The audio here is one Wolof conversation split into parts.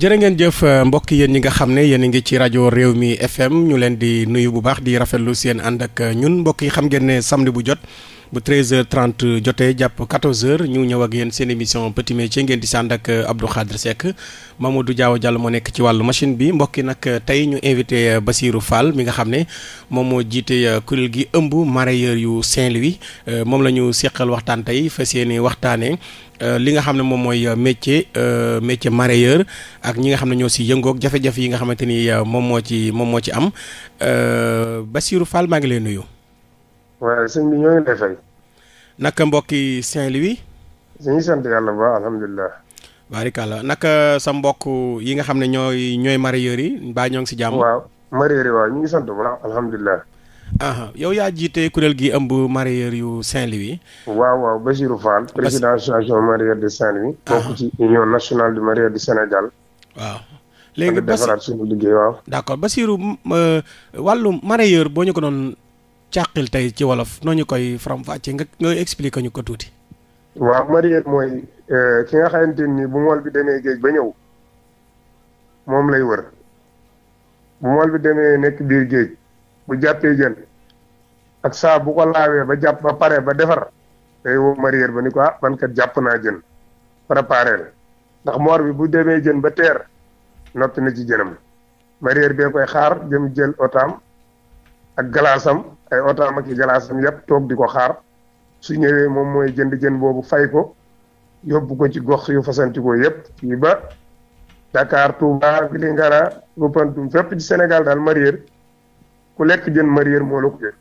jërë ngeen jëf euh, mbokk yéen ñi nga xam ne yéen a ngi ci rajo réew mi FM ñu leen di nuyu bu baax di rafetlu seen ànd ak euh, ñun mbokk yi xam ngeen ne samedi bu jot. bu 13h30 jotee jàpp 14h ñu ñëw ak yéen seen émission petit métier ngeen di sànd ak Abdou moom Seck Mamadou Diaw Diallo moo nekk ci wàllu machine bi mbokk yi nag tey ñu invité Basirou Fall mi nga xam ne moom moo jiite kuréel gi ëmb mareyeur yu Saint-Louis euh, moom la ñu seqal waxtaan tey fas yéene waxtaanee. Euh, li nga xam ne moom mooy métier euh, métier mareyeur ak ñi nga xam ne ñoo si yëngook jafe-jafe yi nga xamante ni moom moo ci moom moo ci am Basirou Fall maa ngi lay nuyu. waaye sëñ bi ñoo ngi lay fay. naka mbokk yi Saint-Louis. ñu sant yàlla ba alhamdulilah. barikàlla naka sa mbokk yi nga xam ne ñooy ñooy mareyeurs yi mbaa ñoo ngi si jàmm. waaw mareyeurs waaw ñu ngi sant ba alhamdulilah. aha yow yaa jiite kuréel gi ëmb mareyeurs yu Saint-Louis. waaw waaw Bassirou Fall. président association mareyeurs de saint ci union nationale du mareyeur du Sénégal. waaw. léegi Bassirou defaraat suñu liggéey euh, boo ñu ko doon càqil tey ci wolof noo ñu koy faram-fàccee nga nga ñu ko tuuti. waaw mariet mooy euh, ki nga xamante nii bu mool bi demee géej ba ñëw moom lay wër bu mool bi demee nekk biir géej bu jàppee jën ak saa bu ko laawee ba jàpp ba pare ba defar day woo mariet ba ni ko ah man kat jàpp naa jën préparé ndax moor bi bu demee jën ba teer noppi na ci jënam mariet bee koy xaar jëm jël otaam ak galaasam ay otaam ak i galaasam yëpp toog di ko xaar su ñëwee moom mooy jënd jën boobu fay ko yóbbu ko ci gox yu fasantikoo yëpp fii ba Dakar Touba Vélingara Koupentoum fépp ci Sénégal daal mareyeur ku lekk jën mareyeur moo la ko jël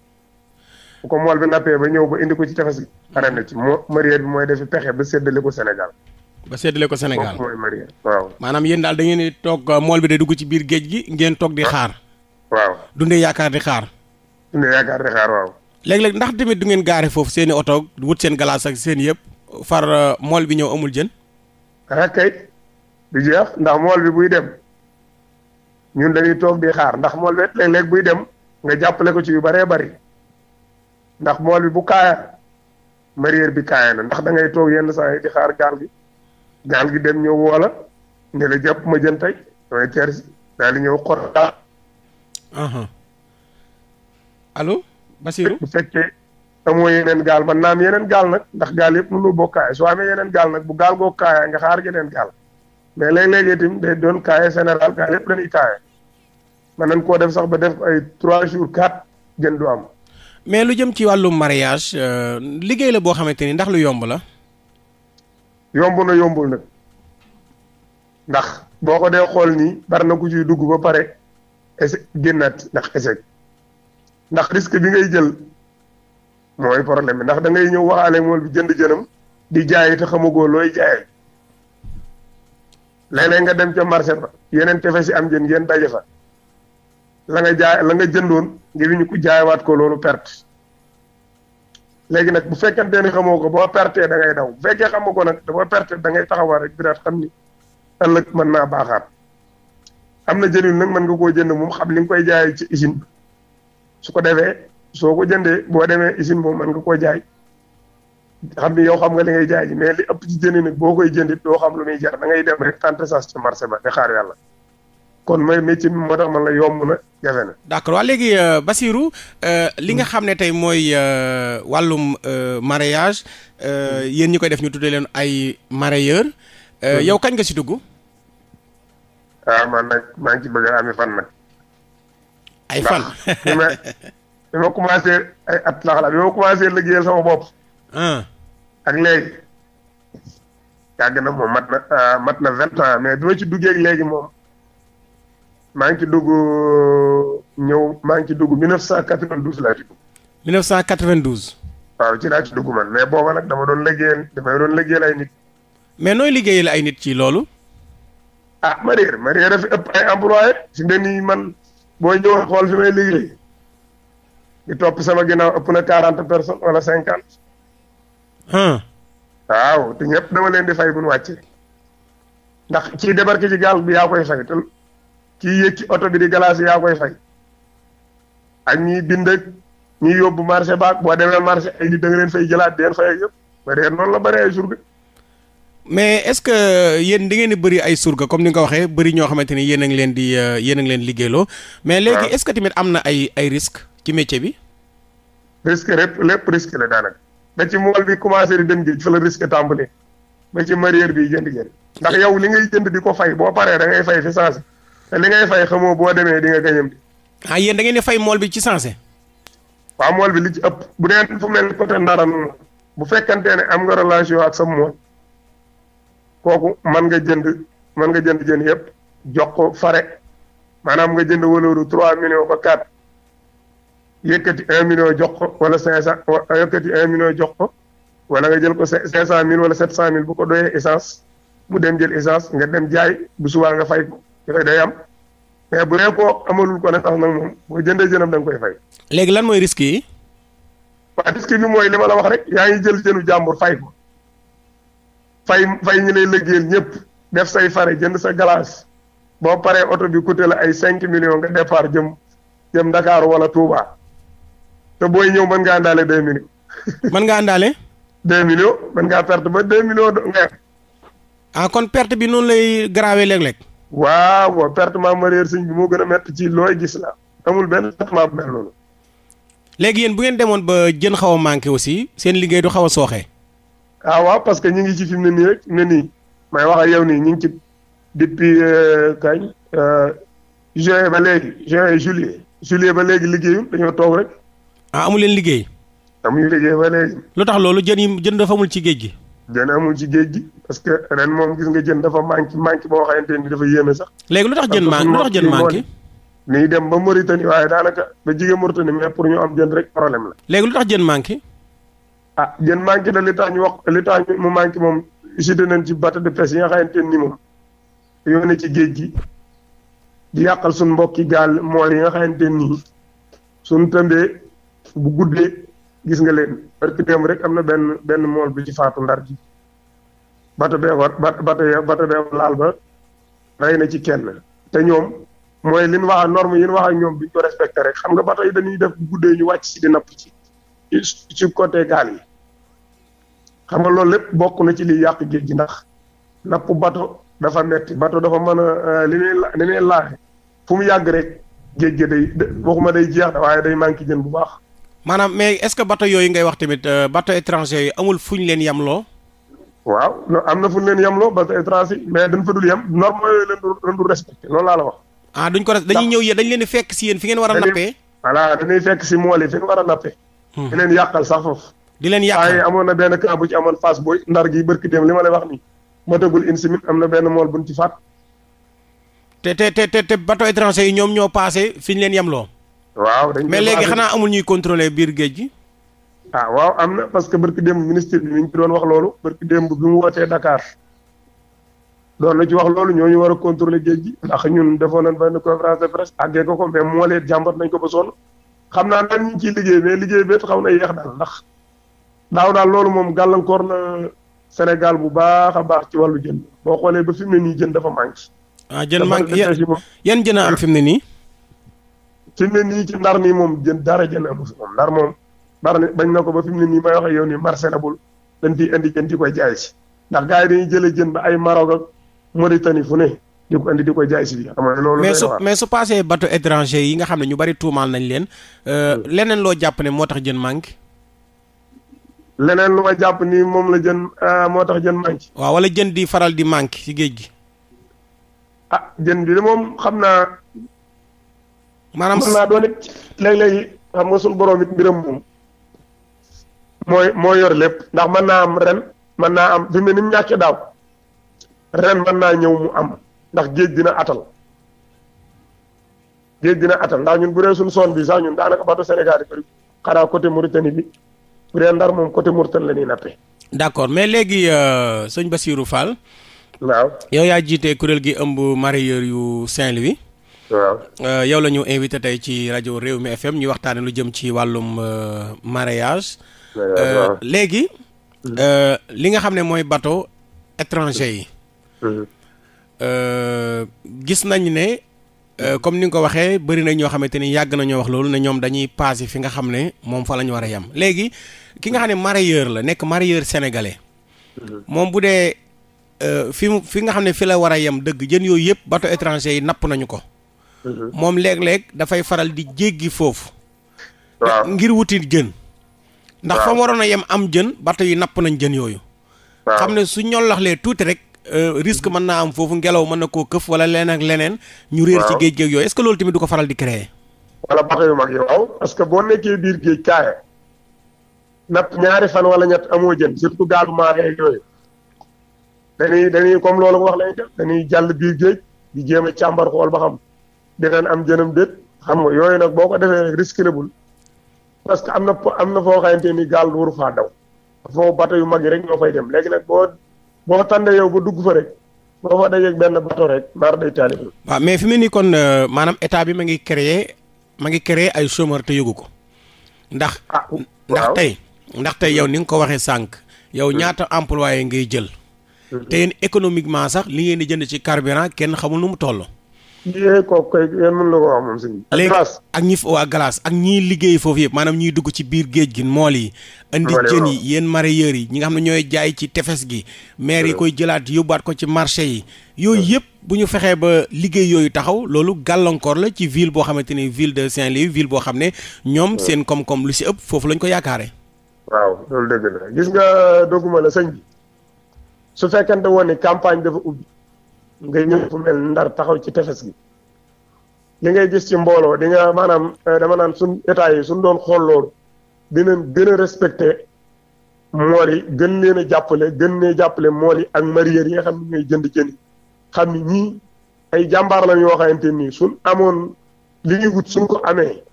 bu ko mool bi nappee ba ñëw ko indi ko ci tefes gi pare na ci moo mareyeur bi mooy defi pexe ba séddale ko senegal ba séddale ko Sénégal mooy mareyeur waaw maanaam yéen daal da ngeen toog mool bi de dugg ci biir géej gi ngeen toog di ah. xaar waaw dundee yaakaar di xaar ne yaakaar xaar waaw. léeg-léeg ndax tamit du ngeen gaare foofu seen i oto wut seen galaas ak seen yëpp far euh, mool bi ñëw amul jën. ah kay du ndax mool bi buy dem ñun dañuy toog di xaar ndax mool bi léeg buy dem nga jàppale ko ci yu bëree bëri ndax mool bi bu kaaya mareyeur bi kaaya na ndax da ngay toog yenn saa yi di xaar gaal gi gaal gi dem ñëw woola ne la jàpp ma jën tey damay ñëw si daal di alo Basirou bu fekkee amoo yeneen gaal man naam yeneen gaal nag ndax gaal yëpp mënuloo boo kaaya soo amee yeneen gaal nag bu gaal goo kaaya nga xaar yeneen gaal mais lay léeg itam day doon kaaya général gaal yëpp dañuy kaaya man nañ koo def sax ba def ay trois jours quatre jën du am mais lu jëm ci wàllu mariage euh, liggéey la boo xamante ni ndax lu yomb la yomb na yombul nag ndax boo ko dee xool nii bari na ku ciy dugg ba pare échec génnaat ndax échec ndax risque bi ngay jël mooy problème bi ndax dangay ñëw waxaale mool jënd jënam di jaay te xamagoo looy jaayee léeg nga dem ca marché yeneen tefe si am jën ngeen daje fa la nga jaay la nga jëndoon ngir ñu ko jaaywaat ko loolu perte léegi nag bu fekkente ni xamoo ko boo pertee da ngay daw bu fekkee xamoo ko nag boo perte da ngay taxawaat rek biraat xam ni ëllëg mën naa baaxaat am na jëriñ nag mën nga koo jënd moom xam li nga koy jaay ci usine su ko defee soo ko jëndee boo demee usine boo mën nga koo jaay xam ni yow xam nga li ngay jaay mais li ëpp ci jënd boo koy jëndit doo xam lu muy jar da ngay dem rek tenter sa ci marché ba di xaar yàlla kon mooy métier bi moo tax man la yomb na jafe na. d'accord waa léegi euh, Basirou euh, li nga xam ne tey mooy euh, wàllum mareyage hmm. yéen ñi koy def ñu tuddee leen ay mareyeurs. Hmm. yow kañ nga si dugg. ah man nag maa ngi ci bëgg a amee fan na ay fan bi ma bi ma commencé ay at la bi ma commencé liggéeyal sama bopp. ak léegi yàgg na moom mat na ah, mat na vingt ans mais bi ma ci duggee ak léegi moom maa ngi ci dugg ñëw maa ngi ci dugg mille neuf cent quatre-vingt-douze laa ci dugg. mille cent quatre vingt waaw ci laa ci dugg man mais booba nag dama doon liggéeyal damay doon liggéeyal ay nit. mais nooy liggéeyal ay nit ci loolu. ah ma réer ma ay employé fi mu man. boo ñëwoon xool fi may liggéey di topp sama ginnaaw ëpp na quarante personnes wala cinquante. waaw te ñëpp dama leen di fay bu nu wàccee. ndax kii débarqué ci gaal bi yaa koy fay te kii yëg ci oto bi di galaas yaa koy fay. ak ñii bind ak ñiy yóbbu marché baag boo demee marché ay nit da leen fay jëlaat di leen fay yëpp ba dee noonu la bare ay jour bi mais est-ce que yéen di ngeen di bëri ay surga comme ni nga ko waxee bëri ñoo xamante ni yéen ngi leen di euh, yéen a ngi leen liggéeyloo. mais léegi est-ce que tamit am na ay ay risques ci métier bi. risque lépp lépp risque la daanaka da ci mool bi commencé di dem géej fa la risque tàmbalee ba ci mareyeur bi jënd jënd ndax yow li ngay jënd di ko fay boo paree da ngay fay fi sensé te li ngay fay xamoo boo demee di nga gañam di. ah yéen da ngeen di fay mool bi ci sensé. waaw mool bi li ci ëpp bu dee fu mel ni Ndara noonu bu fekkante ne am nga relation ak sa mool. kooku man nga jënd mën nga jënd jën yëpp jox ko fare maanaam nga jënd waloru trois millions ba quatre yëkkati un million jox ko wala cinq cent yëkkati un jox ko wala nga jël ko cinq cent mille wala sept cent mille bu ko doyee essence mu dem jël essence nga dem jaay bu subaa nga fay ko yooyu day am mais bu dee ko amalul ko ne tax nag moom boo jëndee jënam da koy fay. léegi lan mooy risque yi. waaw risque bi mooy li ma la wax rek yaa ngi jël jënu jàmbur fay ko. fay fay ñu lay liggéeyal ñëpp def say fare jënd sa glace boo paree oto bi coûté la ay cinq millions nga départ jëm jëm Dakar wala Touba te booy ñëw mën ngaa àndaale deux millions. mën ngaa àndaale. deux millions mën ngaa perte ba deux millions nga ah kon perte bi noonu lay gravé léeg-léeg. waaw perte maa ma réer sëñ bi moo gën a métti ci looy gis la amul benn traitement bu mel noonu. léegi yéen bu ngeen demoon ba jën xaw a manqué aussi seen liggéey du xaw a sooxee. ah waaw parce que ñu ngi ci fi mu ne nii rek ne nii may wax ak yow nii ñu ngi ci depuis euh, kañ euh, juin ba léegi juin juillet juillet ba léegi liggéeyul dañoo toog rek. ah amu leen liggéey. amuñu liggéey ba léegi. lu tax loolu jën yi jën dafa amul ci géej gi. jën amul ci géej gi parce que ren moom gis nga jën dafa manqué manqué boo xamante ni dafa yéeme sax. léegi lu tax jën manqué lu tax jën manqué. nii dem ba Mauritanie waaye daanaka ba jigéen Mauritanie mais pour ñu am jën rek problème la. léegi tax jën manqué. ah jën manqué na li tax ñu wax li tax mu manqué moom cité nañ ci bata de pêche yi nga xamante ni moom yoo ne ci géej gi di yàqal suñ mbokki gaal mool yi nga xamante nii suñ tëmbee bu guddee gis nga leen parce que démb rek am na benn benn mool bu ci faatu ndar ji bato bee war bato bato bee laal ba rey na ci kenn te ñoom mooy li ñu wax ak norme yi wax ak ñoom duñ ko respecté rek xam nga bato yi dañuy def bu guddee ñu wàcc si di napp ci ci côté gaal yi xam nga loolu lépp bokk na ci lii yàq géej gi ndax napp bato dafa metti bato dafa mën a euh, li muy li muy laaxe fu mu yàgg rek géej gi day waxuma day jeex waaye day manqué jën bu baax. maanaam mais est-ce que bato yooyu ngay wax tamit euh, bato étranger yi amul fu ñu leen yamloo. waaw am na fu ñu leen yamloo bato étranger mais dañ fa dul yam norme yooyu leen du leen loolu laa la wax. ah duñ ko res dañuy ñëw yéen dañ leen di fekk si yéen fi ngeen war a nappee. voilà dañuy fekk si mool yi fi ngeen war hmm. yàqal sax foofu. di leen yàq amoon na benn cas bu ci amoon Fass booy ndar gi bërki dem li ma lay wax nii matagul une semaine am na benn mool buñ ci faat. te te te te bateau étranger yi ñoom ñoo passé fi ñu leen yemloo. waaw dañ mais léegi xanaa amul ñuy contrôler biir géej gi. ah waaw am na parce que bërki démb ministre bi mi ngi ci doon wax loolu bërki démb bi mu wootee dakaar doon la ci wax loolu ñooñu war a contrôler géej gi ndax ñun defoon na benn conférence de presse àggee ko leen jàmbat nañ ko ba sonn xam naa nan ñu ciy liggéey mais liggéey xaw na yéex daal ndax. daaw daal loolu moom gàllankoor na Sénégal bu baax a baax ci wàllu jën boo xoolee ba fi mu ne nii jën dafa manqué. ah jën manqué yan jën a am fi mu ne nii. fi mu ne nii ci ndar nii moom jën dara jën amu si moom ndar moom ndar na ko ba fi mu ne nii may wax ak yow nii marché na indi jën di koy jaay ndax gars yi dañuy jëlee jën ba ay Maroc ak Mauritanie fu ne. di ko andi di ko jaay si biir xam nga loolu. mais su mais su passé bateau étranger yi nga xam ne ñu bari tuumaal nañ leen. Euh, hmm. leneen loo jàpp ne moo tax jën manqué. leneen lu ma jàpp ni moom la jën ah, moo tax jën manqué. waaw wala jën di faral di manqué ci géej gi. ah jën bi de moom xam naa. maanaam mën naa doon xam nga suñu borom it mbiram mooy moo yor lépp ndax mën naa am ren mën naa am fi mu ne ni mu ren man naa ñëw mu am ndax géej dina atal géej dina atal ndax ñun bu dee suñu zone bi sax ñun daanaka bato Sénégal yi xanaa côté Mauritanie bi. bu dee côté Mourtane la ñuy nappe. d' accord mais léegi euh, sëñ Bassirou Fall. waaw yow yaa jiite kuréel gi ëmb mareyeur yu Saint-Louis. Euh, yow la ñu invité tey ci rajo réew mi FM ñu waxtaane lu jëm ci wàllum euh, mareyage. léegi. Mm-hmm. li nga xam ne mooy bateau étranger yi. Mm-hmm. gis nañ ne. Euh, comme ni nga ko waxee bari nañ ñoo xamante ni yàgg nañoo wax loolu ne ñoom dañuy passé fi nga xam ne moom fa la ñu war a yem léegi ki nga xam ne mareyeur la nekk mareyeur sénégalais mm-hmm. moom bu dee euh, fi mu fi nga xam ne fi la war a yem dëgg jën yooyu yëpp bateau étranger yi napp nañu ko mm-hmm. moom léeg-léeg dafay faral di jéggi foofu ngir wuti jën ndax fa waroon a yem am jën bateau yi napp nañ jën yooyu xam ne su ñollaxlee tuuti rek Euh, risque mën naa am foofu ngelaw mën na koo këf wala leneen ak leneen. ñu réer ci géej géej yooyu est-ce que loolu tamit du ko faral di créer. wala bato yu mag yi waaw parce que boo nekkee biir géej caaya napp ñaari fan wala ñett amoo jën surtout gaalu bu maaree ak yooyu dañuy comme loolu wax lañu def dañuy jàll biir géej di a càmbar xool ba xam am jënam déet xam nga yooyu nag boo ko defee rek risque la parce que am na am na foo xamante ni gaal waru faa daw foo bato yu mag yi rek ñoo fay dem léegi nag boo boo tànnee yow ba dugg fa rek boo fa dajeeg benn bato rek maar day taali waaw mais fi mu ni nii kon euh, maanaam état bi ma ngi créer ma ngi créer ay chômeur te yëgu ko ndax. Ah, ndax tey ndax tey yow ni nga ko waxee sànq. yow ñaata employé ngay jël. Mm-hmm. te yéen économiquement sax li ngeen di jënd ci carburant kenn xamul nu mu toll. yee kooku koy yéen mën la ko wax moom si. léegi ak ñi waa liggéey foofu yëpp maanaam ñuy dugg ci biir géej gi mool yi. indi jën yi yéen mareyeurs yi ñi nga xam ne ñooy jaay ci tefes gi. maire yi koy jëlaat yóbbaat ko ci marché yi. yooyu yëpp bu ñu fexee ba liggéey yooyu taxaw loolu gàllankoor la ci ville boo xamante ni ville de Saint-Louis ville boo xam ne. ñoom seen koom-koom lu si ëpp foofu lañ ko yaakaare. waaw loolu dëgg la gis nga dogguma la sëñ bi su fekkente woon ne campagne dafa ubbi ngay ñëw fu mel ndar taxaw ci tefes gi li ngay gis ci mbooloo di nga maanaam eh, dama naan suñ état yi suñ doon xool loolu dinañ gën a respecté mool yi gën leen jàppale gën leen jàppale mool yi ak mareyeur yi nga xam ne ñooy jënd jën xam ni ñii ay jàmbaar la yoo xamante nii suñ amoon li ñuy wut suñ ko amee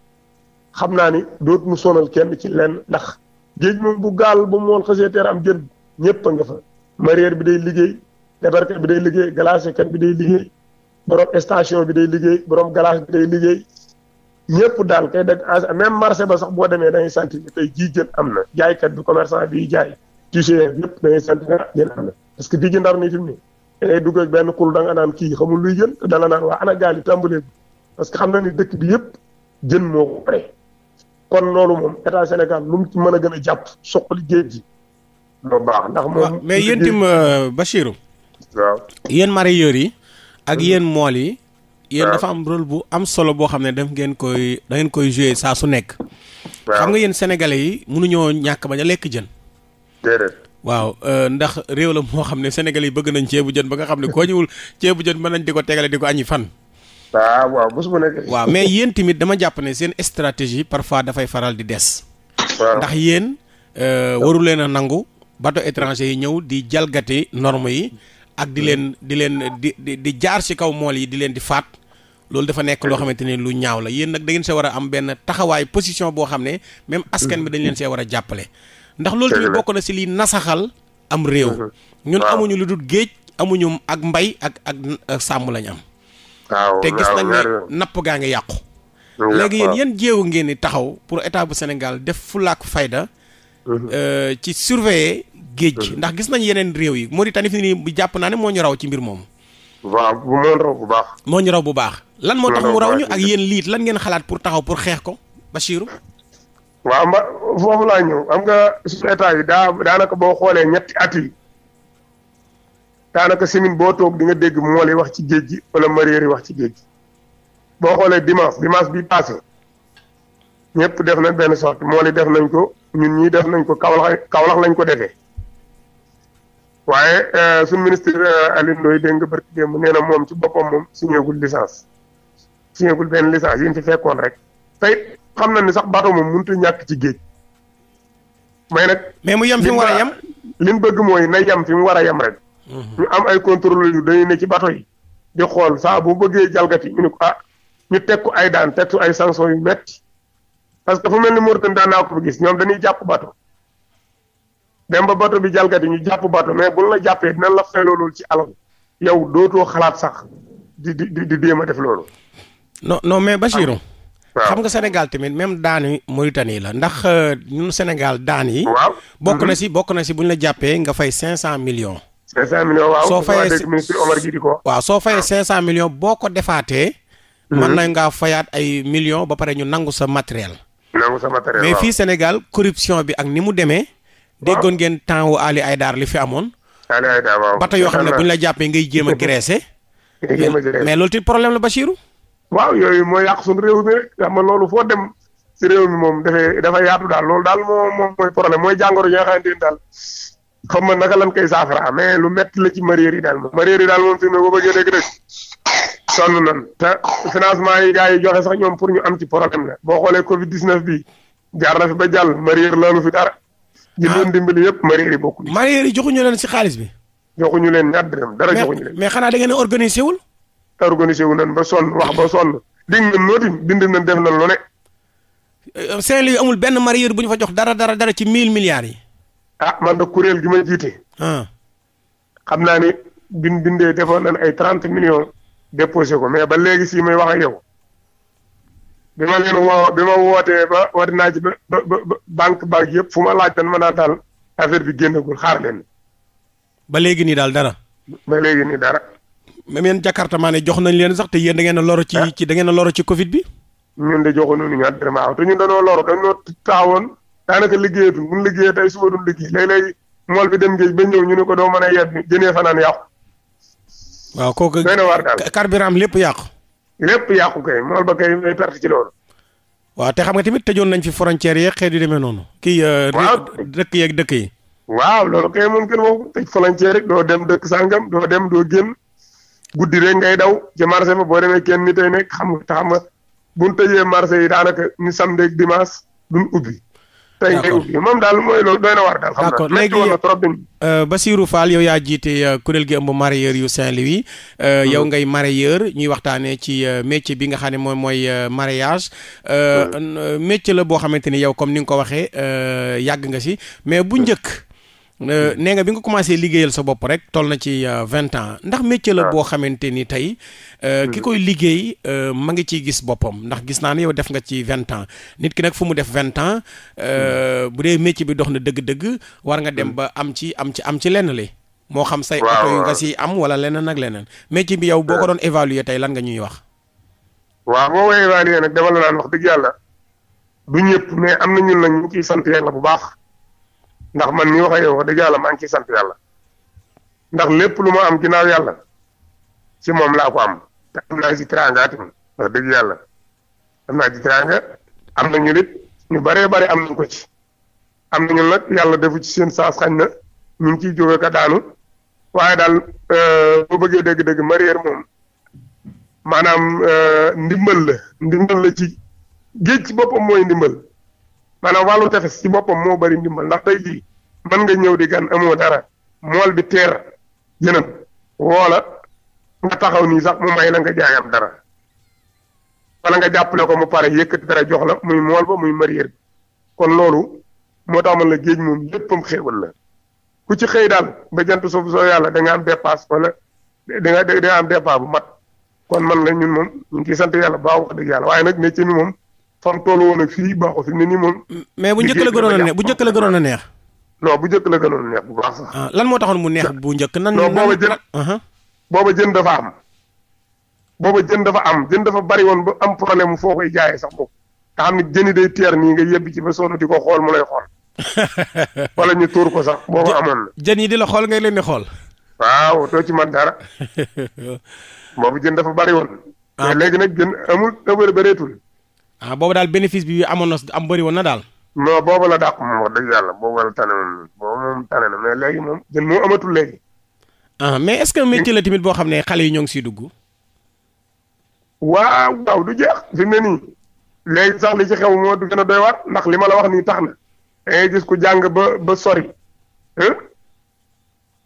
xam naa ni doot mu sonal kenn ci lenn ndax géej moom bu gaal bu mool xasee teer am jën ñëpp a nga fa mareyeur bi day liggéey héberteur bi day liggéey glacier kan bi day liggéey borom station bi day liggéey borom glace bi day liggéey ñëpp daal kay dëgg même marché ba sax boo demee da ngay sant tey jii jën am na jaay kat bi commerçant bi jaay tissuer yëpp da ngay sant jën am na parce que fii ci Ndar nii fi ne da ngay benn kul da nga naan kii xamul luy jën dala naan waa ana gaal yi tàmbalee parce que xam na ni dëkk bi yëpp jën moo ko pare kon loolu moom état Sénégal lu mu ci mën a gën a jàpp soqali liggéey gi moo baax ndax moom ah, mais yéen waaw yéen mareyeurs yi. ak yéen mm-hmm. mool yi. yéen dafa am rôle bu am solo boo xam ne def ngeen koy dangeen koy jouer saa su nekk. xam nga yéen sénégalais yi mënuñoo ñàkk ba ñu lekk jën. déedéet. waaw euh, ndax réew la moo xam ne sénégalais yi bëgg nañ ceebu jën ba nga xam ne koo ñëwul ceebu jën mën nañ di ko tegale di ko añi fan. Ah, waaw waaw waaw mais yéen tamit dama jàpp ne seen stratégie parfois dafay faral di des. ndax yéen euh, waru leen a nangu bato étranger yi ñëw di jalgati norme yi. ak di leen di leen di di jaar ci kaw mool yi di leen di faat loolu dafa nekk loo xamante ne lu ñaaw la yéen nag da ngeen see war a am benn taxawaay position boo xam ne même askan bi dañ leen see war a jàppale ndax loolu tamit bokk na si liy nasaxal am réew ñun amuñu lu dul géej amuñu ak mbay ak ak sàmm lañ am te gis nañ ne napp gaa ngi yàqu léegi yéen jéewu ngeen di taxaw pour état bu senegal def fulaak fayda euh, ci surveiller géej ndax gis nañ yeneen réew yi Mauritanie fi nii jàpp naa ne moo ñu raw ci mbir moomu waaw moo raw bu baax moo ñu raw bu baax lan moo tax mu raw ñu ak yéen liit lan ngeen xalaat pour taxaw pour xeex ko Bachirou waaw mba foofu laa ñëw am nga suñu état yi daa daanaka boo xoolee ñetti at yi daanaka semaine boo toog di nga dégg mool yi wax ci géej gi wala mareyeur yi wax ci géej boo xoolee dimanche dimanche bi passé ñëpp def na benn sorte mool yi def nañ ko ñun ñii def nañ ko kawlax kawlax lañ ko defee waaye euh, su ministre euh, Alioune Ndoye dégg nga barki démb nee na moom ci boppam moom signéegul licence signéegul benn licence yi ñu fi fekkoon rek tey xam na ni sax bato moom mënut a ñàkk ci géej may nag. mais mu yem fi mu war a yem li mu bëgg mooy na yem fi mu war a yem rek. Mhm. ñu am ay contrôle yu dañuy ne ci bato yi. di xool saa boo bëggee jalgati ñu ne ko ah ñu teg ko ay daan teg ko ay sanctions yu metti parce que fu mel ni Mauritanie daan naa ko gis ñoom dañuy jàpp bato. dem ba bato bi jalgati ñu jàpp bato mais buñ la jàppee dinañ la fayloo loolu ci alal yow dootoo xalaat sax di di déem a def loolu. non non mais Bachirou. Ah. xam nga Sénégal tamit même daan yi Mauritanie la ndax euh, ñu Sénégal daan yi. waaw bokk na mhm. si bokk na si bu ñu la jàppee nga fay 500 millions. million millions soo fayee ministre Omar gi ko. waaw soo fayee 500 millions boo ko defaatee. Mhm. mën na ngaa fayaat ay millions ba pare ñu nangu sa matériel. mais fii Sénégal corruption bi ak ni mu demee. déggoon ngeen temps wu Ali Aydar li fi amoon. Ali Aydar waaw bata yoo xam ne bu ñu la jàppee ngay jéem a graissé. mais loolu tamit problème la Bachirou. waaw yooyu mooy yàq suñu réew mi rek loolu foo dem si mi moom dafay dafa yaatu daal loolu daal moo moom mooy problème mooy jàngoro yi nga xamante ni daal ma naka lan saafara mais lu métti la ci mareyeur yi daal moom. mareyeur yi daal moom fi mu ne bu bëggee dëgg dëgg sonn nan te financement yi gars yi joxe sax ñoom pour ñu am ci problème la boo xoolee Covid 19 bi jaar na fi ba jàll mareyeur loolu fi dara. ñi doon ah. dimbali yëpp mareyeur yi bokkuñu. mareyeur yi joxuñu leen si xaalis bi. joxuñu leen ñaar dërëm dara joxuñu leen. mais xanaa da ngeen a organisé wul. organisé wu nañ ba sonn wax ba sonn dégg nga nooti bind nañ def nañ lu ne. Euh, Saint-Louis amul benn mareyeur bu ñu fa jox dara dara dara ci mille milliards yi. ah man de kuréel gi ma jiite. Ah. xam naa ne bin bindee defoon nañ ay trente millions déposé ko mais ba léegi si may wax ak yow. bi ma leen woo bi ma wootee ba woote naa ci ba ba banque banque fu ma laaj tan ma naa daal affaire bi génnagul xaar leen. ba léegi nii daal dara. ba léegi nii dara. même yéen Jakarta maa jox nañ leen sax te yéen da ngeen loro ci ah. ci da ngeen a loro ci Covid bi. ñun de joxoon ñu ñaar vraiment te ñun dañoo loro dañoo taawoon daanaka liggéeyatu mun liggéey tey suba duñ liggéey léeg-léeg mool bi dem géej ba ñëw ñu ne ko doo mën a yeb jënee fanaan yàqu. waaw kooku. lépp yàqu. lépp yàqu kay mool ba kay day perte ci loolu. waaw te xam nga tamit tëjoon nañ fi frontières yeeg xeet yu demee noonu. kii euh, dëkk yeeg dëkk yi. waaw loolu kay moom kenn waxu tëj frontière rek doo dem dëkk sàngam doo dem doo génn guddi rek ngay daw ci marché ba boo demee kenn ni tey nekk xam nga te xam nga bu ñu tëjee marché yi daanaka ñu samedi ak dimanche mu ubbi. tey ngay moom daal mooy loolu doy na war daal. xam naa léegi trop euh, Bassirou Fall yow yaa jiite euh, kuréel gi ëmb mareyeur yu Saint-Louis. Euh, mhm. yow ngay mareyeur ñuy waxtaanee ci métier bi nga xam ne moom mooy mareyage. métier la boo xamante ni yow comme ni nga ko waxee yàgg nga si mais bu njëkk. Euh, nee nga bi nga commencé liggéeyal sa bopp rek toll na ci euh, vingt ans ndax métier la ah. boo xamante ni tey euh, ki hmm. koy liggéey ma ngi ciy gis boppam ndax gis naa ne yow def nga ci vingt ans nit ki nag fu mu def vingt ans hmm. bu dee métier bi dox na dëgg-dëgg war nga dem hmm. ba am ci am ci am ci lenn li moo xam say oto yu nga si am wala leneen ak leneen métier bi yow boo ko doon évaluer tey lan nga ñuy wax waaw boo koy évaluer nag dama la daan wax yàlla du ñëpp mais am na ñun nag bu baax ndax man mi wax ak yow wax dëgg yàlla maa ngi ciy sant yàlla ndax lépp lu ma am ginnaaw yàlla ci moom laa ko am te am naa ci teraangaatam wax dëgg yàlla am naa ci am na ñu nit ñu baree bare am nañ ko ci am nañu nag yàlla defu ci seen saas xañ na ñu ngi ciy jóge ka daanu waaye daal euh, boo bëggee dégg-dégg marière moom maanaam euh, ndimbal la ndimbal la ci géej ci boppam mooy ndimbal maanaam wàllu tefes ci boppam moo bari ndimbal ndax tey jii mën nga ñëw di gan amoo dara mool bi teer jënam woola nga taxaw nii sax mu may la nga jaayam dara wala nga jàppale ko mu pare yëkkati dara jox la muy mool ba muy mariér bi kon loolu moo tax man la géej moom léppam xéewal la ku ci xëy daal ba jant suuf soo yàlla da nga am dépasse wala da nga da nga am dépasse bu mat kon man la ñun moom ñu ngi sant yàlla baax wax dëgg yàlla waaye nag métier mi moom fan toolu woon ak fii baaxul fi mu ne nii moom. mais bu njëkk la gënoon a neex bu la gënoon a neex. non bu jëkk la gënoon a neex bu baax sax. Ah, lan moo tax taxoon mu neex bu njëkk nan. non booba jën ah, ah. booba jën dafa am. booba jën dafa am jën dafa bari woon ba am problème mu foo koy sax boobu. nga xam ne jën yi day teer nii nga yebbi ci ba sonn di ko xool mu lay xool. wala ñu tuur ko sax booba amoon jën yi di la xool ngay leen di xool. waaw ci man dara. boobu jën dafa bari woon. ah léegi nag jën amul dafa bëreetul ah boobu daal bénéfice bi amoon na am bëri woon na daal. non boobu la dàq moom wax dëgg yàlla boobu la tane moom boobu moom tane na mais léegi moom jën moo amatul léegi. ah mais est-ce que métier la tamit boo xam ne xale yi ñoo ngi siy dugg. waaw waaw du jeex li xew moo du gën ndax li ma la wax nii tax na da gis ku jàng ba ba sori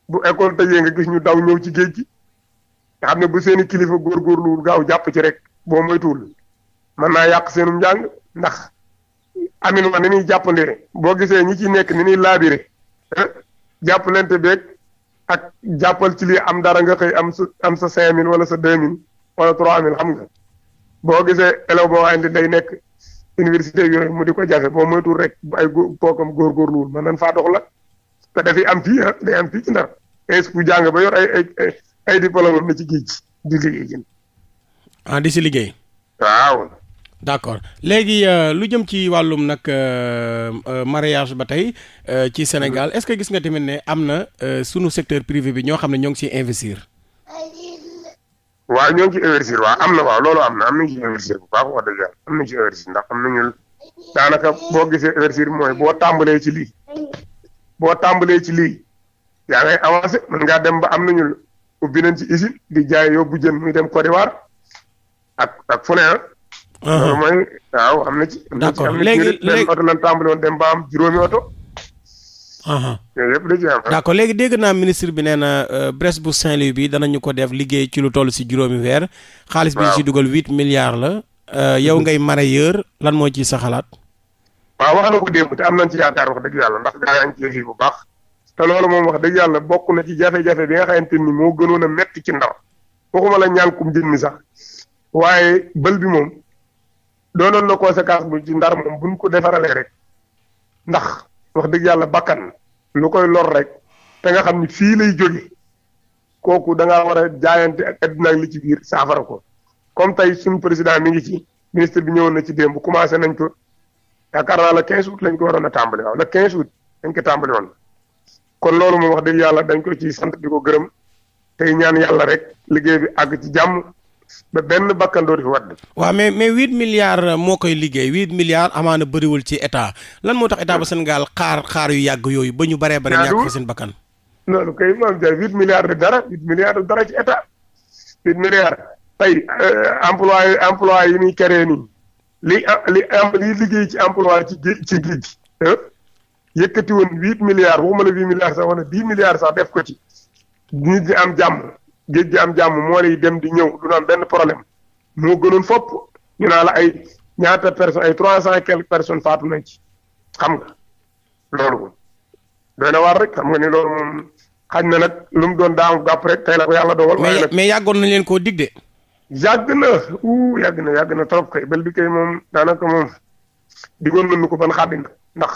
bu école tëjee nga gis ñu daw ñëw ci géej gi nga xam ne bu seeni kilifa góorgóorlu gaaw jàpp ci rek boo moytuwul mën naa yàq seenum njàng ndax amin wa ni ñuy jàppandire boo gisee ñi ci nekk ni ñuy laabire ah, jàppalante beeg ak jàppal ci lii am dara nga xëy am sa am sa cinq mille wala sa deux mille wala trois mille xam nga boo gisee élève boo xamante day nekk université yooyu mu di ko jafe boo moytuwul rek ay kookam góor mën nañ faa dox la te dafi am fii ah day am fii ci ndar est bu jàng ba yor ay ay ay diplôme na ci géej di liggéey. ah di si liggéey. waaw. d' accord léegi euh, lu jëm ci wàllum nag euh, euh, mariage ba tey ci Sénégal mm-hmm. est ce que gis nga tamit ne am na sunu secteur privé bi ñoo xam ne ñoo ngi ciy investir. waa ñoo ngi ciy investir waaw am na waaw loolu am na am nañu ci investir bu baax wax dëgg yàlla am nañu ci investir ndax am nañu daanaka boo gisee investir mooy boo tàmbalee ci lii boo tàmbalee ci lii yaa ngay avancé mën ngaa dem ba am nañu ubbi nañ ci usine di jaay yóbbu jën muy dem Côte d'Ivoire ak loolu uh-huh. mooy am na d' accord léegi oto lañ tàmbali woon dem ba oto. Uh-huh. yooyu yëpp da ci am. dégg naa ministre bi nee na euh, Brest bu Saint-Louis bi ñu ko def liggéey ci lu toll si juróomi weer. xaalis bi si dugal huit milliards la. Euh, yow ngay mareyeur lan moo ciy sa xalaat. waaw wax na ko démb te am nañ ci yaakaar wax dëgg yàlla ndax gaa yaa ngi ci bu baax. te loolu moom wax dëgg yàlla bokk na ci jafe-jafe bi nga xamante ni moo gënoon a metti ci ndaw waxuma la ñaan kum jën mi sax waaye bël bi moom doonoon na conséquence bu ci ndar moom bu buñ ko defaralee rek ndax wax dëgg yàlla bakkan lu koy lor rek te nga xam ni fii lay jóge kooku da ngaa war a jaayante ak adduna ak li ci biir saafara ko comme tey suñ président mi ngi ci ministre bi ñëwoon na ci démb commencé nañ ko yaakaar naa la quinze août lañ ko waroon a tàmbali waaw la quinze août dañ ko tàmbali woon kon loolu moom wax dëgg yàlla dañ ko ci sant di ko gërëm tey ñaan yàlla rek liggéey bi ak ci jàmm ba benn bakkan dootu fi wadd. waaw mais mais huit milliards moo koy liggéey huit milliards amaana bëriwul ci état lan moo tax état ba Sénégal xaar xaar yu yàgg yooyu ba ñu baree bare ñàkk fa seen bakkan. loolu kay moom jaay huit milliards de dara huit milliards de dara ci état huit milliards tey emploi euh, emploi yi muy créé nii li li li liggéey ci emploi ci ci géej gi yëkkati woon huit milliards waxuma la huit milliards sax wala dix milliards sax def ko ci nit ñi am jàmm géej gi am jàmm moo lay dem di ñëw du am benn problème moo gënoon fopp ñu naa la ay ñaata personnes ay trois cent et quelques personnes faatu nañ ci xam nga loolu doy na war rek xam nga ni loolu moom xañ na nag lu mu doon daamu gàpp rek tey la ko yàlla dogal. waaye mais yàggoon na leen koo dig de. yàgg na wuu yàgg na yàgg na trop kay bel bi kay moom daanaka moom digoon nañu ko ban xàddina ndax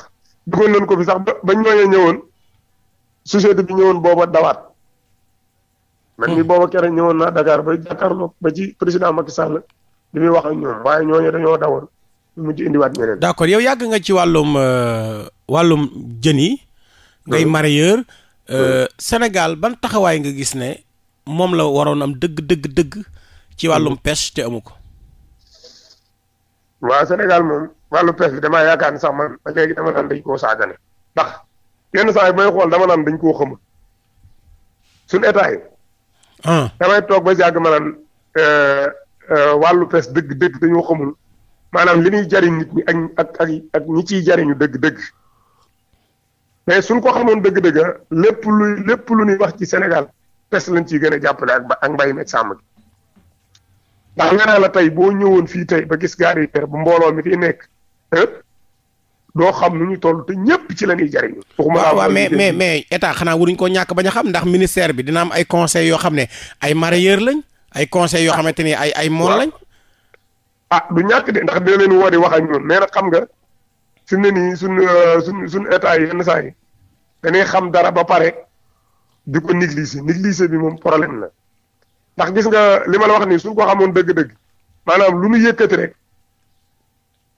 digoon nañu ko fi sax ba ba ñooñu ñëwoon société bi ñëwoon booba dawaat. man hmm. mi booba keroog ñëwoon naa Dakar ba jàkkaarloo ba ci président Macky Sall li muy wax ak ñoom waaye ñooñu dañoo dawoon ñu mujj indiwaat ñeneen. d'accord yow yàgg nga ci wàllum euh, wàllum jën yi. ngay hmm. mareyeur. Euh, hmm. Sénégal ban taxawaay nga gis ne moom la waroon am dëgg dëgg dëgg. ci wàllum pêche te amu ko. waa Sénégal moom wàllu pêche bi damaa yaakaar ni sax man dañ koo saagane. ndax yenn saa yi may xool dama naan dañ koo xamul suñu état Ah. damay toog ba jàgg ma naan euh, euh, wàllu pes dëgg dëgg dañoo xamul maanaam li ñuy jariñ nit ñi ak ak ak ñi ciy jariñu dëgg dëgg mais suñ ko xamoon dëgg dëgg lépp luy lépp lu ñuy wax ci Sénégal pes lañ ciy gën a jàppale ak ak mbay meeg sàmm gi ndax nga naa la tey boo ñëwoon fii tey ba gis gaari per bu mbooloo mi fi nekk doo xam lu ñu toll te ñëpp ci la ñuy jariñu. waaw waaw mais mais mais état xanaa waruñ ko ñàkk bañ a xam ndax ministère bi dina am ay conseils yoo xam ne ay mareyeurs lañ ay conseils yoo xamante ni ay ay mool lañ. ah du ñàkk de ndax dina leen woo di wax ak ñun nee na xam nga suñ ne nii suñ euh, suñ suñ état yi yenn saa yi dañuy xam dara ba pare di ko négliger négliger bi moom problème la ndax gis nga li ma la wax nii suñ ko xamoon dëgg-dëgg maanaam lu ñu yëkkati rek.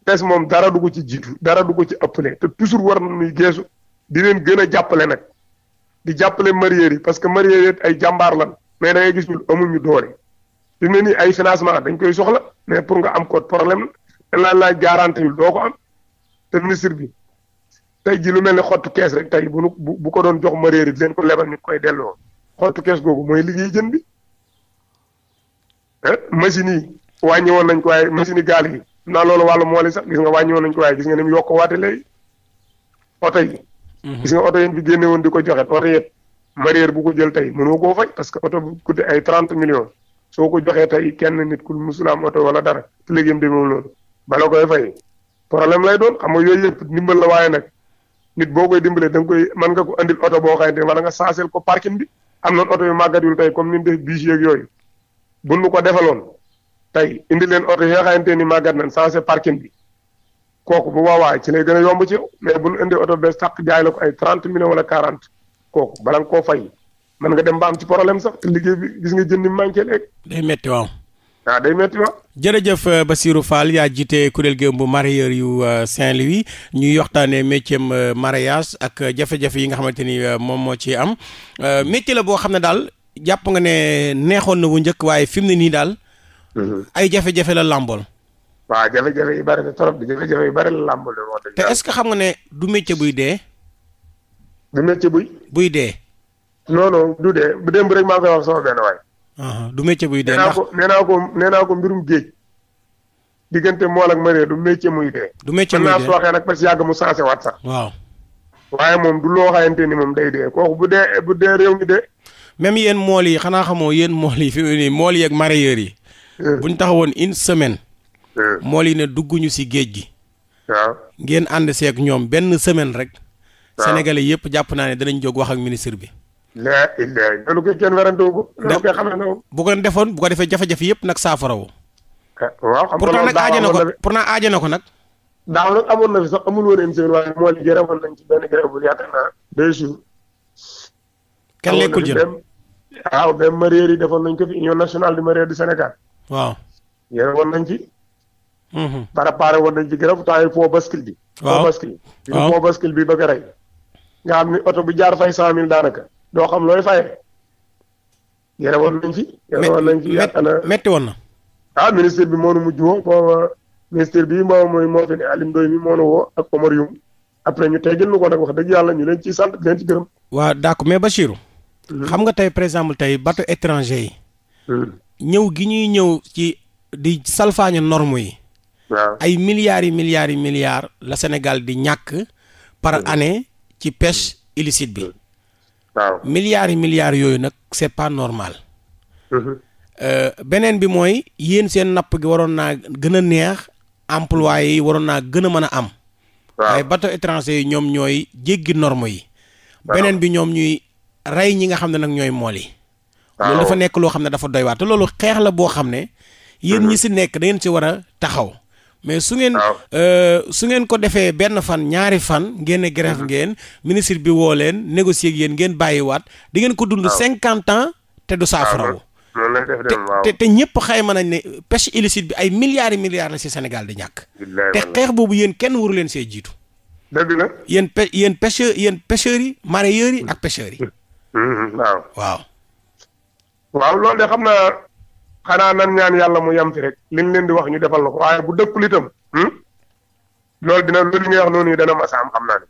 pes moom dara du ko ci jiitu dara du ko ci ëppale te toujours war na nuy geesu di leen gën a jàppale nag di jàppale mareyeurs yi parce que mareyeurs yi ay jàmbaar lan mais da ngay gis ñu amuñu doole fi mu nii ay financement dañ koy soxla mais pour nga am ko problème la dañ laa laaj garantie yu doo ko am te ministre bi tey ji lu mel ne xottu kees rek tey bu bu ko doon jox mareyeurs yi di leen ko lebal nit koy delloo xottu kees googu mooy liggéey jën bi ah eh, machines yi wàññi woon nañ ko waaye machine yi gaal yi xam naa loolu wàllu mool sax gis nga wàññiwoon nañ ko waaye gis nga ni mu yokk waate léegi oto yi mhm. gis nga oto yéen bi génne woon di ko joxe oto yëpp marière bu ko jël tey mënoo koo fay parce que oto bu coûté ay trente millions soo ko joxee tey kenn nit ku musulaam oto wala dara te léegi yam demeewul loolu bala koy fay problème lay doon xam nga yooyu yëpp la waaye nag nit boo koy dimbalee da koy mën nga ko andil oto boo xamante ne wala nga saaseel ko parking bi am noonu oto yu màggat yul tey comme ni mu def biis yeeg yooyu buñ ko defaloon tey indi leen oto yi nga xamante ni parking bi kooku bu waawaa ci lay gën a yomb ci yow mais bu ñu indee oto bees sàq jaay la ko ay trente millions wala quarante kooku bala nga koo fay mën nga dem ba am ci problème sax te liggéey bi gis nga jënd ni manqué léeg day métti waaw. waaw ah, day métti waaw. jërëjëf euh, Bassirou Fall yaa jiite kuréel gi ëmb mareyeur yu euh, Saint-Louis ñuy waxtaanee métier euh, mareyage ak jafe-jafe yi nga xamante ni moom moo ci am métier boo xam ne daal jàpp nga ne neexoon na bu njëkk waaye fi mu ne nii daal. Mhm. ay jafe-jafe la làmbool. waaw jafe-jafe yu bari la yu bari la làmbool de te est xam nga ne du métier buy dee. du métier buy. buy dee. du dee bu rek maa ngi koy wax sama benn waay. du métier buy dee ndax nee ko nee ko mbirum géej diggante mool ak maree du métier muy dee. du métier muy dee du loo xayante ni moom day dee kooku bu mool yi xanaa xamoo yéen mool yi fi mu nii mool yi ak mareyeurs yi. Eh. bu ñu taxawoon une semaine. Eh. mool yi ne dugguñu si géej gi. ngeen ànd seeg ñoom benn semaine rek. waaw sénégalais yëpp jàpp naa ne danañ jóg wax ak ministre bi. la ilaha loolu koy kenn werantoo xam na bu ko defoon bu ko defee jafe-jafe yëpp nag saafara woo. Eh, waaw xam pourtant nag aaje na ko pourtant aaje na ko nag. daaw nag amoon na fi sax amul woon une semaine waaye mool yi gërëmoon nañ ci benn gërëmul yaakaar naa deux jours. kenn lekkul jën waaw même mareyeurs yi defoon nañ ko fi union nationale du mareyeur du Sénégal. waaw yore woon nañ ci mm-hmm. préparé woon nañ ci garab temps yi foo bascule bi foo bascule bi foo bascule bi ba ko nga xam ni oto bu jaar fay cent mille daanaka doo xam looy fayee yore woon nañ ci woon nañ ci yaakaar na metti woon na ah ministre bi moonu mujj woo booba ministre bi moo mooy moo fi ne Alioune Ndoye mi moonu woo ak Omar Youm après ñu teggil nu ko nag wax dëgg yàlla ñu leen ci sant di leen ci gërëm waaw d'accord mais Bachirou mm-hmm. xam nga tey par tey bateau étranger yi mm-hmm. ñëw gi ñuy ñëw ci di salfaañu norme yi. ay milliards yi milliards yi milliards la Sénégal di ñàkk par mm. année ci pêche illicite bi. Mm. waaw yi milliards yooyu nag c'est pas normal. Mm-hmm. Euh, beneen bi mooy yéen seen napp gi waroon naa gën a neex employés yi waroon naa gën a mën a am. waaye bateau étranger yi ñoom ñooy jéggi norme yi. beneen bi ñoom ñuy rey ñi nga xam ne nag ñooy mool yi. loolu dafa nekk loo xam ne dafa doy waar te loolu xeex la boo xam ne yéen ñi mhm. si nekk da ngeen ci war a taxaw mais su ngeen euh, su ngeen ko defee benn fan ñaari fan ngeen ne grève mhm. ngeen ministre bi woo leen négocier ak yéen ngeen bàyyiwaat di ngeen ko dund cinquante ans te du saafarawu te te ñëpp xayma nañ ne pêche illicite bi ay milliare et la si Sénégal di ñàkk te xeex boobu yéen kenn waru leen see jiitu dëgg la yéen pê yéen pêcheur yéen pêcheurs yi mareyeurs yi mhm. ak pêcheurs yi waaw loolu de xam naa xanaa nan ñaan yàlla mu yem fi rek liñ leen di wax ñu defal la ko waaye bu dëkkul itam hmm? loolu dina loolu ngay wax noonu dana masa am xam naa ne.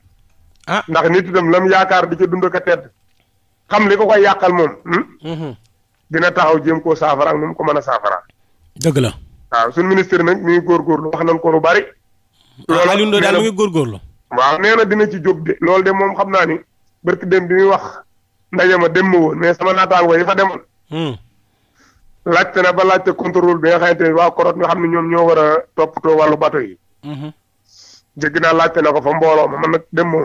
ah ndax nit itam lam yaakaar di ca dund ka tedd xam li ko koy yàqal moom. Hmm? Mm-hmm. dina taxaw jéem koo saafara ak nu mu ko mën a saafaraa. dëgg la. waaw suñ ministre nag mi ngi góorgóorlu wax nañ ko lu bari. Ah, loolu Alioune Ndoye daal waaw nee na dina ci jóg de. loolu de moom xam naa ni barki dem bi muy wax ndaje ma dem ma woon mais sama naataango yi fa demoon. Hmm. laajte na ba laajte contrôle bi nga xamante ne waa korot nga xam ne ñoom ñoo war a toppatoo wàllu bato yi. Hmm. jéggi naa laajte na ko fa mbooloo ma man nag dem ma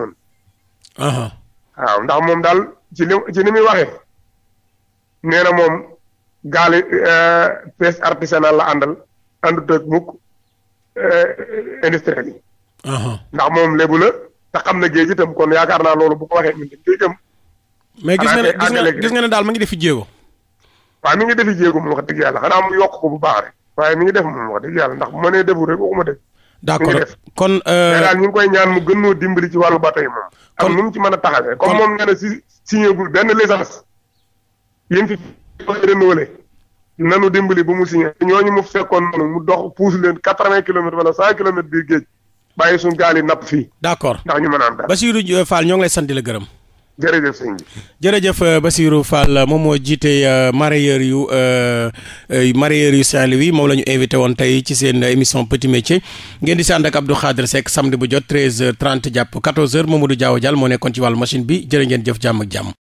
waaw ndax moom daal ci li ci ni muy waxe nee na moom gaali euh, pêche artisanale la àndal àndut ak mukk euh, industriel yi. ndax moom lébu la te xam na géej itam kon yaakaar naa loolu bu ko waxee ñun dañ koy jëm. mais gis nga ne gis nga ne daal ma ngi def fi jéego. waaye mi ngi defi jéego moom wax dëgg yàlla xanaa mu yokk ko bu baax rek waaye mi ngi def moom wax dëgg yàlla ndax bu ma nee rek waxuma def. d'accord kon euh, daal ñu koy ñaan mu gënoo dimbali ci wàllu bato yi moom. mu ci mën a taxawee. comme moom nee na si signé gul benn licence yi fi renouvelé nanu dimbali bu mu signé ñooñu mu fekkoon noonu mu dox puus leen quatre-vingts kilomètres wala cent kilomètres biir géej bàyyi suñu gaal yi napp fii. d'accord ndax ñu mën a am dara. Bassirou Fall ñoo ngi lay sant di la gërëm jërëjëf sëñ bi. jërëjëf euh, Bassirou Fall moom moo jiite euh, mareyeurs yu euh, mareyeurs yu Saint-Louis moom la ñu invité woon tey ci seen émission petit métier ngeen di sànd ak Abdou Khadre Seck samedi bu jot 13h30 jàpp 14h Mamadou Diaw Dial moo nekkoon ci wàllu machine bi jërë ngeen jëf jàmm ak jàmm.